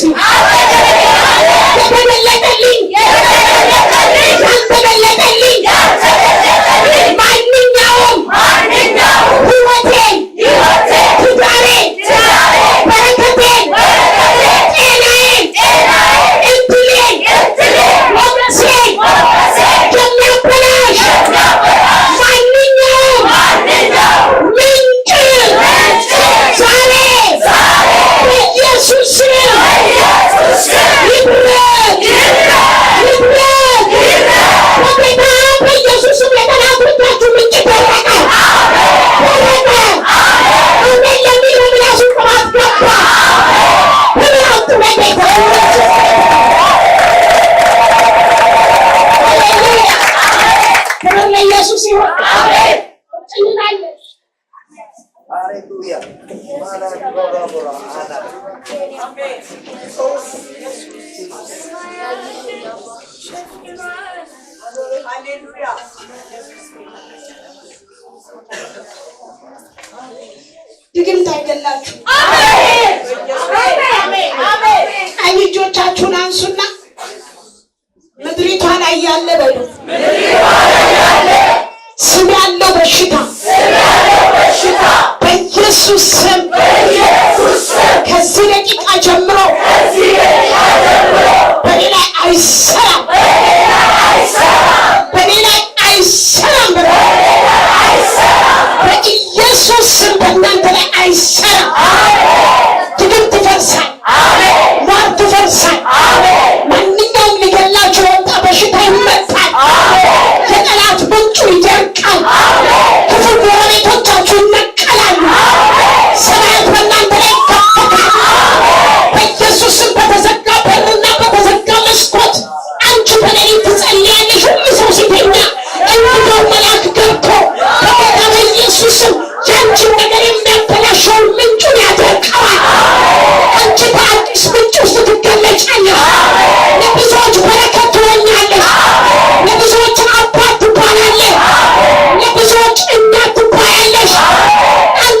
Christmas. Aleluya. Aleluya. ድግምት አይደላችሁ። ቀኝ እጆቻችሁን አንሱና ምድሪቷ ላይ ያለ በሉ ስም ያለው በሽታ በኢየሱስ ስም ከዚህ ደቂቃ ጀምሮ በኔ ላይ አይሰራም፣ በኔ ላይ አይሰራም፣ ስም በእናንተ ላይ አይሰራም። ትግል ትፈርሳል። 是。